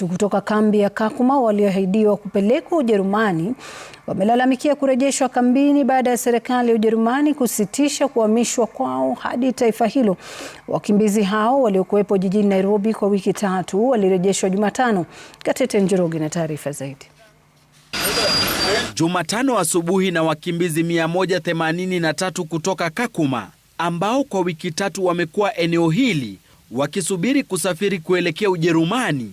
kutoka kambi ya Kakuma walioahidiwa kupelekwa Ujerumani wamelalamikia kurejeshwa kambini baada ya serikali ya Ujerumani kusitisha kuhamishwa kwao hadi taifa hilo. Wakimbizi hao waliokuwepo jijini Nairobi kwa wiki tatu walirejeshwa Jumatano. Gatete Njoroge na taarifa zaidi. Jumatano asubuhi na wakimbizi 183 kutoka Kakuma ambao kwa wiki tatu wamekuwa eneo hili wakisubiri kusafiri kuelekea Ujerumani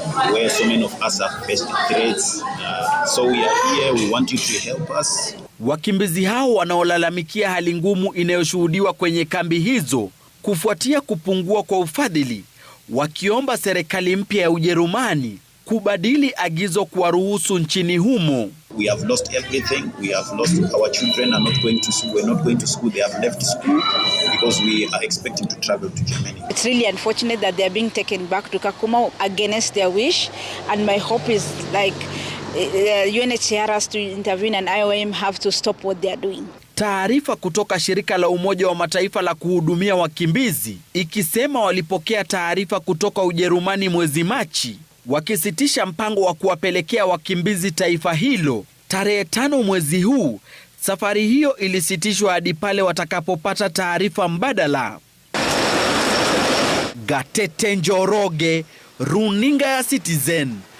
where so many of us have best trades. Uh, so we are here, we want you to help us. Wakimbizi hao wanaolalamikia hali ngumu inayoshuhudiwa kwenye kambi hizo kufuatia kupungua kwa ufadhili, wakiomba serikali mpya ya Ujerumani kubadili agizo kuwaruhusu nchini humo. We have lost everything. We have lost our children are not going to school. We're not going to school. They have left school because we are expecting to travel to Germany. It's really unfortunate that they are being taken back to Kakuma against their wish. And my hope is like uh, UNHCR has to intervene and IOM have to stop what they are doing. Taarifa kutoka shirika la Umoja wa Mataifa la kuhudumia wakimbizi ikisema walipokea taarifa kutoka Ujerumani mwezi Machi wakisitisha mpango wa kuwapelekea wakimbizi taifa hilo tarehe tano mwezi huu. Safari hiyo ilisitishwa hadi pale watakapopata taarifa mbadala. Gatete Njoroge, runinga ya Citizen.